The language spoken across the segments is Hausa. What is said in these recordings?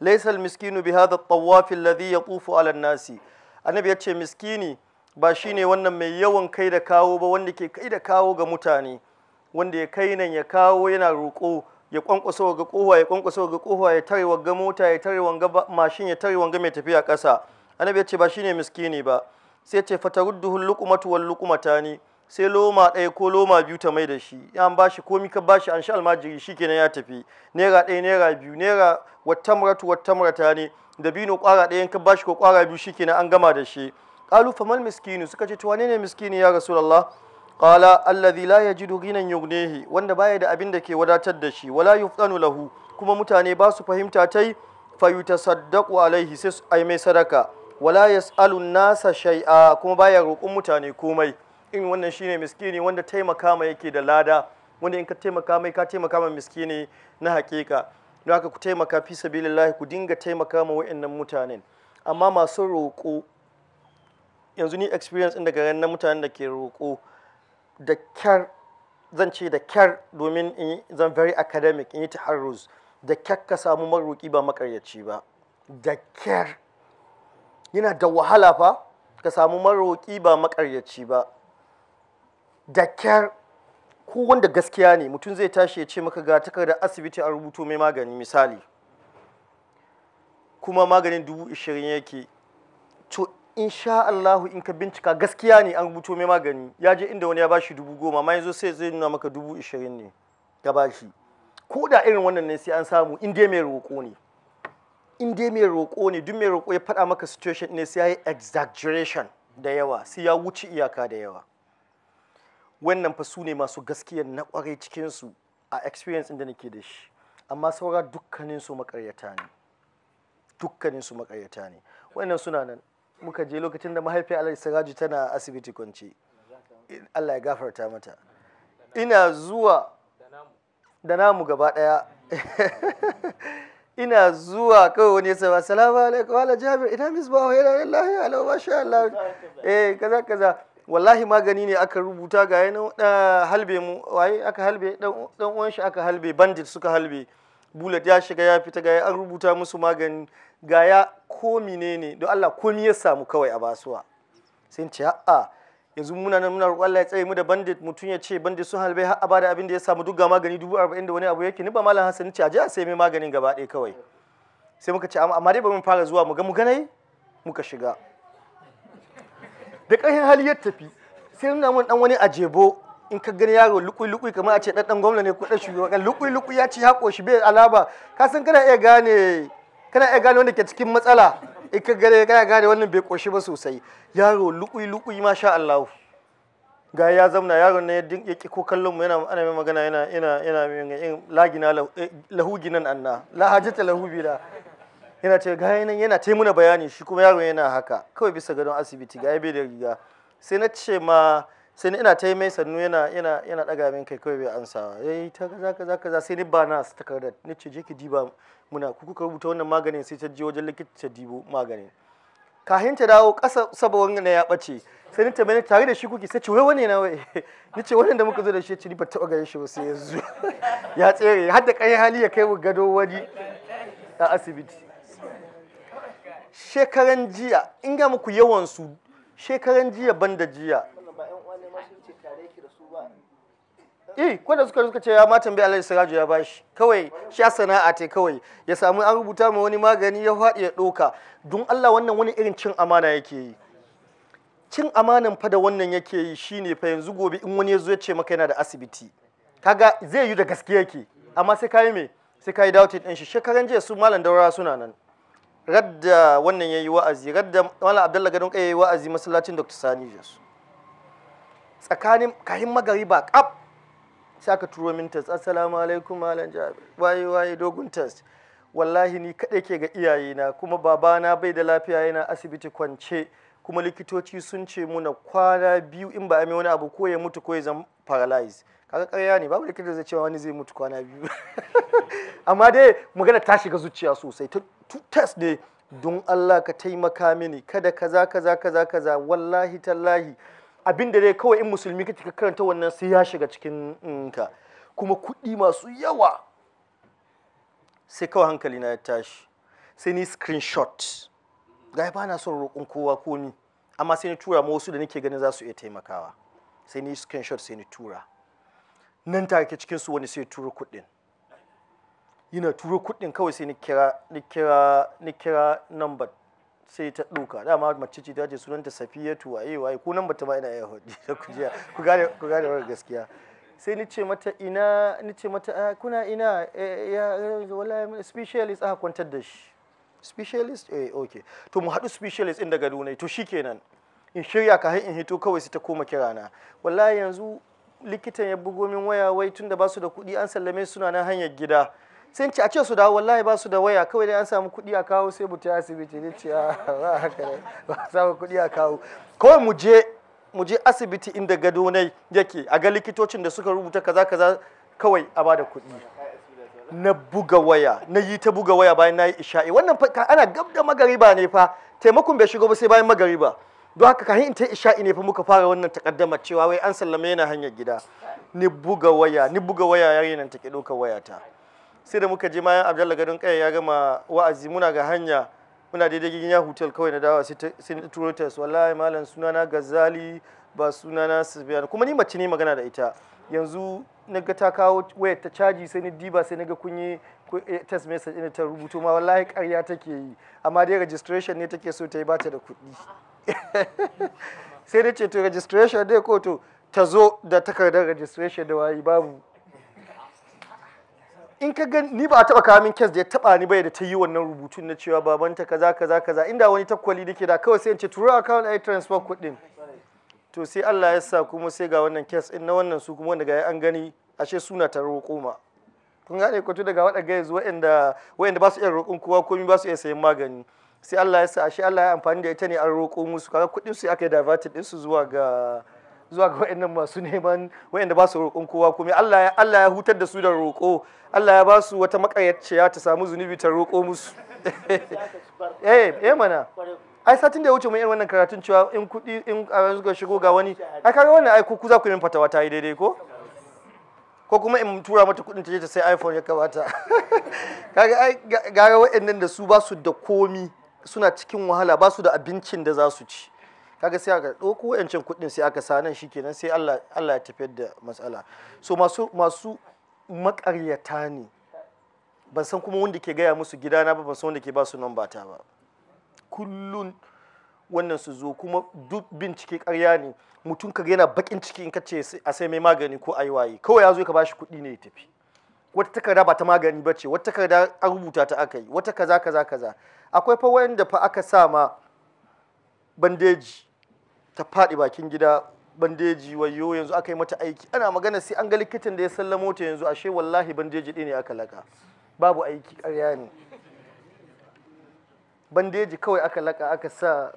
laisal miskinu bi hadha at-tawaf alladhi yatufu ala nasi annabi yace miskini ba shine wannan mai yawan kai da kawo ba wanda ke kai da kawo ga mutane wanda ya kai nan ya kawo yana roƙo ya kwankwaso ga kofa ya kwankwaso ga kofa ya tare wanga mota ya tare wanga mashin ya tare wanga mai tafiya ƙasa annabi ya ce ba shine miskini ba sai yace fataruddu lukumatu wal lukumatani sai loma ɗaya ko loma biyu ta mai da shi ya ba shi komi ka bashi an sha almajiri shi kenan ya tafi naira ɗaya naira biyu naira wata watamrata ne da bino kwara ɗaya ka bashi ko kwara biyu kenan an gama da shi qalu famal miskinu suka ce to wane ne miskini ya rasu rasulullah qala alladhi la yajidu ghinan yughnihi wanda baya da abin da ke wadatar da shi wala yufdanu lahu kuma mutane ba su fahimta tai fayutasaddaqu alaihi sai ai mai sadaka wala yasalu nasa shai'a kuma baya roƙon mutane komai in wannan shine miskini wanda taimaka mai yake da lada wanda in ka taimaka mai ka taimaka mai miskini na hakika don haka ku taimaka fi sabilillahi ku dinga taimaka ma wa'annan mutanen amma masu roƙo yanzu ni experience inda daga na mutanen da ke roƙo da kyar zan ce da kyar domin in zan very academic in yi taharruz da kyar ka samu maroƙi ba makaryaci ba da kyar yana da wahala fa ka samu maroƙi ba makaryaci ba da kyar ko wanda gaskiya ne mutum zai tashi ya ce maka ga takardar asibiti an rubuto mai magani misali kuma maganin dubu ishirin yake to insha Allahu in ka bincika gaskiya ne an rubuto mai magani ya je inda wani ya shi dubu goma ma yanzu sai zai nuna maka dubu ishirin ne ga bashi ko da irin wannan ne sai an samu in dai mai roƙo ne in dai mai roƙo ne duk mai roƙo ya faɗa maka situation ne sai ya yi exaggeration da yawa sai ya wuce iyaka da yawa wannan fa su ne masu gaskiya na kwarai cikinsu a experience da nake da shi amma saura dukkaninsu makaryata ne dukkaninsu makaryata ne wannan suna nan muka je lokacin da mahaifiyar alhaji siraji tana asibiti kwance allah ya gafarta mata ina zuwa da namu gaba daya ina zuwa kawai wani ya sama salamu alaikum wala jami'a, ina misbahu yana lillahi ala masha Allah eh kaza kaza wallahi magani ne aka rubuta ga yanan halbe mu waye aka halbe dan uwan shi aka halbe bandit suka halbe bullet ya shiga ya fita ga an rubuta musu magani ga ya ko ne? don Allah komi ya samu kawai a basuwa sai ce a'a yanzu muna nan muna roƙon Allah ya tsaye mu da bandit mutum ya ce bandit sun halbe har abada abin da ya samu duk ga magani dubu arba'in da wani abu yake ni ba malam Hassan ce a je a sai mai maganin gaba ɗaya kawai sai muka ce amma dai ba mun fara zuwa mu ga mu ganai muka shiga da ƙarfin hali ya tafi sai nuna mun dan wani ajebo in ka gani yaro lukui lukui kamar a ce dan gwamna ne ko dan shugaban lukui lukui ya ci hako shi bai alaba ka san kana iya gane kana iya gane wanda ke cikin matsala in ka gane kana gane wannan bai koshi ba sosai yaro lukui lukui masha Allah ga ya zamna yaron ne ya ki ko kallon mu yana ana mai magana yana yana yana mai lagina lahuginan eh, anna la hajata lahubila yana ce ga nan yana ta muna bayani shi kuma yaro yana haka kawai bisa gadon asibiti ga bai da riga sai na ce ma sai ina ta yi mai sannu yana yana yana daga min kai kawai bai ansa yayi ta kaza kaza kaza sai ni ba na takardar ni ce je ki diba muna ku kuka rubuta wannan maganin sai ta je wajen likita ta dibo maganin kahin ta dawo kasa saboda wannan ya bace sai ni mai tare da shi kuke sai ce wai wani na wai ni ce wannan da muka zo da shi ce ni ba taba gare shi ba sai yanzu ya tsere har da kai hali ya kai mu gado wani a asibiti shekaran jiya in ga muku yawan shekaran jiya banda jiya eh da suka suka ce ya ma tambayi Alhaji Siraju ya bashi kawai sha sana'a te kawai ya samu an rubuta ma wani magani ya faɗi ya ɗoka don Allah wannan wani irin cin amana yake yi cin amanan fa da wannan yake yi shine fa yanzu gobe in wani ya zo ya ce maka yana da asibiti kaga zai yi da gaske yake amma sai kai me sai kai doubting din shi shekaran jiya su malam daura suna nan radda wannan ya yi wa'azi radda wala abdullahi gadon kai ya yi wa'azi masallacin dr sani jesu tsakanin kahin ba kaf sai aka turo min assalamu alaikum malam jabi waye waye dogon tas wallahi ni kadai ke ga iyayena kuma babana bai da lafiya yana asibiti kwance kuma likitoci sun ce muna kwana biyu in ba a mai wani abu ko ya mutu ko ya zama paralyze kaga karya ne babu likita zai cewa wani zai mutu kwana biyu amma dai magana ta shiga zuciya sosai tutas ne don Allah ka taimaka mini kada kaza kaza kaza kaza wallahi tallahi abin da dai kawai in musulmi kake ka karanta wannan sai ya shiga cikin mm, ka kuma kuɗi masu yawa sai kawai hankali na ya tashi sai ni screenshot ga ba na son roƙon kowa ko ni amma sai ni tura ma wasu da nake ganin za su iya taimakawa sai ni screenshot sai ni tura nan take cikin su wani sai tura kuɗin yana turo kudin kawai sai ni kira ni kira ni kira number sai ta ɗauka dama mace ce ta ce sunanta safiyatu waye waye ko number ta ma ina iya hudi ku je ku gane ku gane wannan gaskiya sai ni ce mata ina ni ce mata ah, kuna ina eh, ya wallahi specialist aka kwantar da shi specialist eh okay to mu haɗu specialist ɗin daga Dunai to shikenan in shirya ka in hito kawai sai ta koma kirana wallahi yanzu likitan ya bugo min waya wai tunda ba su da kuɗi an sallame suna na hanyar gida sai ce a ce su dawo wallahi ba su da waya kawai dai an samu kuɗi a kawo sai mutu asibiti ne ce a ah, ba haka ne ba samu kuɗi a kawo kawai mu je asibiti inda gado nai yake a ga likitocin da suka rubuta kaza kaza kawai a bada kuɗi na buga waya na yi ta buga waya bayan na yi isha'i wannan fa ana gab da magariba ne fa taimakon bai shigo ba sai bayan magariba don haka kahin in ta isha'i ne fa muka fara wannan takaddama cewa wai an sallame yana hanyar gida ni buga waya ni buga waya yarinan take ɗaukar wayata sai da muka je mayan abdalla gadon kaya ya gama wa'azi muna ga hanya muna daidai gidan ya hotel kawai na dawa sai turo ta wallahi malam sunana gazali ba sunana sufyan kuma ni mace ne magana da ita yanzu na ga ta kawo wayar ta caji sai ni diba sai na ga kun yi eh, test message ina ta rubuto ma wallahi ƙarya take yi amma dai registration ne take so ta yi bata da kuɗi sai na ce to registration dai ko to ta zo da takardar registration da wayi babu in ka gani ni ba a taba kamin kes da ya taba ni bai da ta yi wannan rubutun na cewa babanta kaza kaza kaza inda wani takwali nake da kawai sai in ce turo account ai transfer kuɗin to sai Allah ya sa kuma sai ga wannan kes in na wannan su kuma wanda ga an gani ashe suna ta roƙo ma kun gane kwato daga waɗanda yanzu waɗanda waɗanda ba su iya roƙon kowa komai ba su iya sayan magani sai Allah ya sa ashe Allah ya amfani da ita ne an roƙo musu kaga kuɗin su aka yi diverted ɗin su zuwa ga zuwa ga waɗannan masu neman waɗanda ba su roƙon kowa kuma Allah ya Allah ya hutar da su da roƙo Allah ya ba su wata ya ta samu zunubi ta roƙo musu eh eh mana ai satin da ya wuce mun irin wannan karatun cewa in kuɗi in suka shigo ga wani ai kaga wannan ai ku za ku yi min fatawa ta yi daidai ko ko kuma in tura mata kuɗin ta je ta sai iPhone ya kamata kaga ai ga waɗannan da su ba su da komi suna cikin wahala ba su da abincin da za su ci kaga sai aka ɗauko wayancin kuɗin sai aka sa nan kenan sai Allah ya tafiyar da matsala so masu masu makaryata ne ban san kuma wanda ke gaya musu gidana ba ban san wanda ke ba su nan ba ta ba kullun wannan su zo kuma duk bincike karya ne mutum kaga yana bakin ciki in ka ce a sai mai magani ko a yi waye kawai ya zo ka bashi kuɗi ne ya tafi wata takarda ba ta magani ba ce wata takarda an rubuta ta aka yi wata kaza kaza kaza akwai fa wanda fa aka sa ma bandeji ta faɗi bakin gida bandeji wayo yanzu aka yi mata aiki ana magana sai an ga likitan da ya sallamo ta yanzu ashe wallahi bandeji ɗi ne aka laka babu aiki ƙarya ne bandeji kawai aka laka aka sa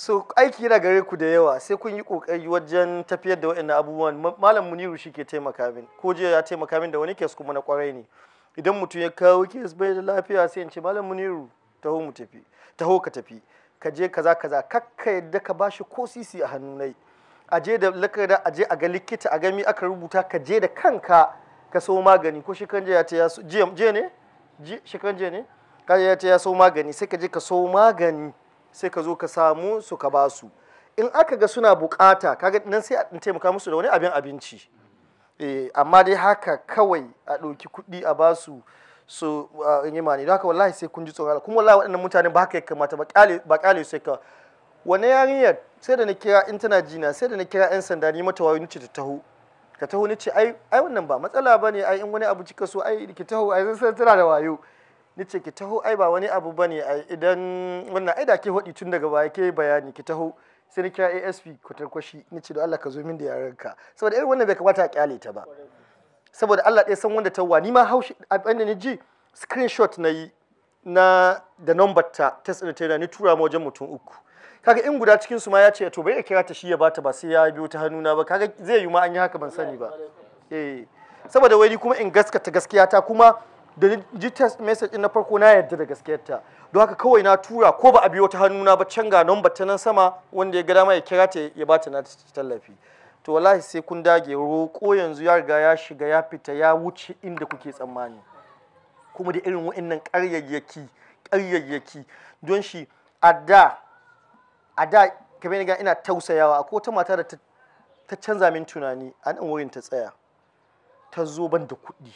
so aiki yana gare ku da yawa sai kun yi kokari wajen tafiyar da waɗannan abubuwan malam muniru shi ke taimaka min ko jiya ya taimaka min da wani kes kuma na kwarai ne idan mutum ya kawo kes bai da lafiya sai in ce malam muniru taho mu tafi taho ka tafi ka je kaza kaza kakka yadda ka bashi ko sisi a hannunai a je da lakada a je a ga likita a gami aka rubuta ka je da kanka ka so magani ko shekaran jiya ta ya so jiya ne shekan jiya ne ka ya ta ya so magani sai ka je ka so magani sai ka zo ka samu su ka ba su in aka ga suna bukata kaga nan sai in taimaka musu da wani abin abinci eh, amma dai haka kawai a ɗauki kuɗi a ba su su yi mani haka wallahi sai kun ji tsoron kuma wallahi waɗannan mutane ba haka ya kamata ba ƙale sai ka wani yarinyar sai da na kira in tana jina sai da na kira 'yan sanda ni mata wayo ce ta taho ka taho ni ce ai wannan ba matsala ba ne ai in wani abu kika so ai ki taho ai sai tana da wayo nace ki taho ai ba wani abu bane ai idan wannan ai da ke hodi tun daga baya ke bayani ki taho sai na kira ASP kwatarkwashi nace da Allah ka zo min da yaranka saboda irin wannan bai kamata a kyale ta ba saboda Allah ɗaya san wanda tawwa ni ma haushi a da ni ji screenshot na yi na da number ta test ɗin ta ni tura ma wajen mutum uku kaga in guda cikin su ma ya ce to bai kira ta shi ya bata ba sai ya biyo ta hannuna ba kaga zai yi ma an yi haka ban sani ba eh saboda wai ni kuma in gaskata gaskiya ta kuma da ji test message na farko na yarda da gaskiyarta don haka kawai na tura ko ba a biyo ta hannuna ba can ga number ta nan sama wanda ya ga dama ya kira ta ya bata na tallafi to wallahi sai kun dage roƙo yanzu ya riga ya shiga ya fita ya wuce inda kuke tsammani kuma da irin wa'annan ƙaryayyaki ƙaryayyaki don shi a da a da kamar ga ina tausayawa ko wata mata da ta canza min tunani a nan wurin ta tsaya ta zo ban da kuɗi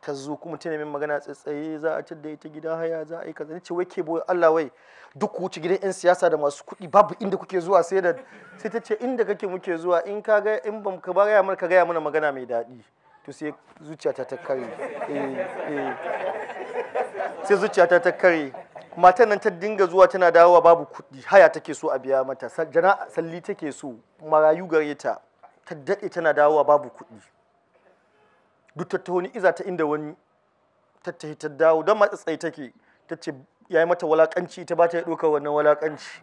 ka zo kuma tana min magana tsatsaye za a da ita gida haya za a yi kaza ce wai ke boye Allah wai duk ku wuce gidan yan siyasa da masu kuɗi babu inda kuke zuwa sai da sai ta ce inda kake muke zuwa in ka ga in ban ka gaya mana ka ga mana magana mai daɗi to sai zuciyata ta kare eh, eh. sai zuciyata ta kare matan nan ta dinga zuwa tana dawowa babu kuɗi haya take so a biya mata jana salli take so marayu gare ta ta daɗe tana dawowa babu kuɗi duk tattahoni iza ta inda wani tattahi ta dawo don matsatsai take ta ce ya yi mata walakanci ta ba ta ɗaukar wannan walakanci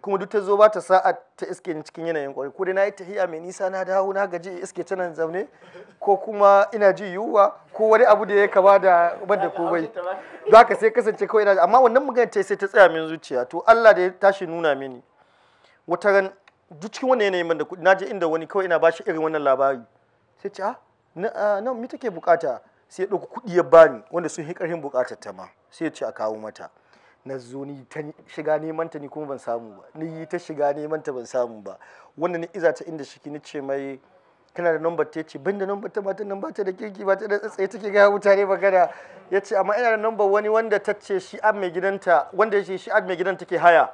kuma duk ta zo ba ta sa'a ta iske ni cikin yanayin ƙwari ko dai na yi tahiya mai nisa na dawo na gaji iske ta nan zaune ko kuma ina ji yiwuwa ko wani abu da ya kama da banda ko bai za ka sai kasance kawai ina amma wannan magana ta sai ta tsaya min zuciya to Allah da ya tashi nuna mini wata ran duk cikin wannan yanayin banda kuɗi na je inda wani kawai ina bashi irin wannan labari sai ce ah nan ah, mi take bukata sai ya ɗauki kuɗi ya bani wanda sun yi ƙarfin bukatar ta ma sai ya ce a kawo mata na zo ni ta shiga neman ta ni kuma ban samu ba ni yi ta shiga neman ta ban samu ba wanda ni iza ta inda shiki ni ce mai kana da number ta ce ban da number ta matan nan bata da kirki ba ta da tsaye take ga mutane magana ya ce amma ina da number wani wanda ta ce shi an mai gidanta wanda ya ce shi an mai gidanta ke haya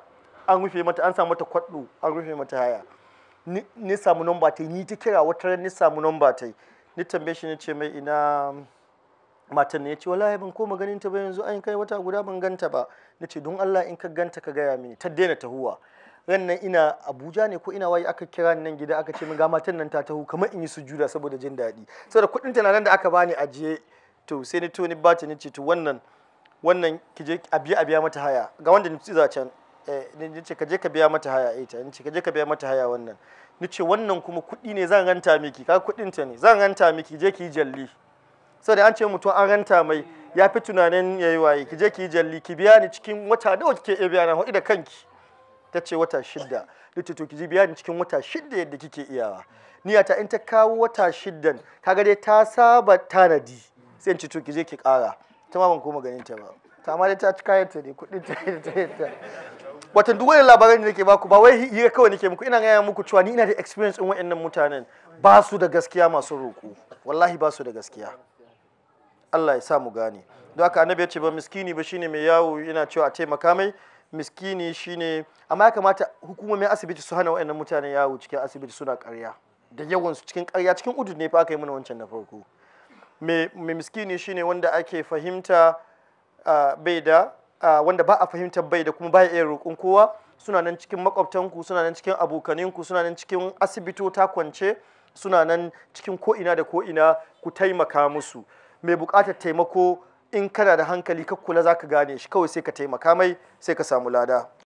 an rufe mata an samu mata kwaɗo an rufe mata haya ni samu number ta ni ta kira wata ran ni samu number ta ni tambaye shi ne ce mai ina mm, matan ne ya ce wallahi ban koma ganin ta ba yanzu an kai wata guda ban ganta ba na ce don Allah in ka ganta ka gaya mini ta daina tahuwa ran nan ina Abuja ne ko ina waye aka kira ni nan gida aka ce min ga matan nan ta tahu kamar in yi sujuda saboda jin daɗi saboda kuɗin ta nan da aka bani ajiye to sai ni to ni ba ta ni ce to wannan wannan ki je a biya mata haya ga wanda ni ci za can Eh, ni ce ka je ka biya mata haya ita eh, ni ce ka je ka biya mata haya wannan ni ce wannan kuma kuɗi ne zan ranta miki ka kuɗin ta ne zan ranta miki je ki jalli da an ce mutum an ranta mai ya fi tunanin yayi waye ki je ki jalli ki biya ni cikin wata nawa wata iya biya na hudu da kanki ta ce wata shidda ni to ki je biya ni cikin wata shidda yadda kike iyawa niyata in ta kawo wata shiddan kaga dai ta saba tanadi sai in to ki je ki ƙara ta ma ban koma ganin ta ba ta ma dai ta ci kayan ta ne kuɗin ta ta watan duk wani labarai da nake baku ba wai hira kawai nake muku ina gaya muku cewa ni ina da experience in wa'annan mutanen ba su da gaskiya masu roƙo wallahi ba su da gaskiya Allah ya sa mu gane don haka annabi ya ce ba miskini ba shine mai yawo ina cewa a taimaka mai miskini shine amma ya kamata hukumomin asibiti su hana wa'annan mutanen yawo cikin asibiti suna ƙarya da yawan su cikin ƙarya cikin udu ne fa aka yi mana wancan na farko mai miskini shine wanda ake fahimta ah, bai da wanda ba a fahimtar bai da kuma ba iya roƙon kowa suna nan cikin makwabtanku suna nan cikin abokaninku suna nan cikin asibitota kwance suna nan cikin ko'ina da ko'ina ku taimaka musu mai buƙatar taimako in kana da hankali ka kula za ka gane shi kawai sai ka taimaka mai sai ka samu lada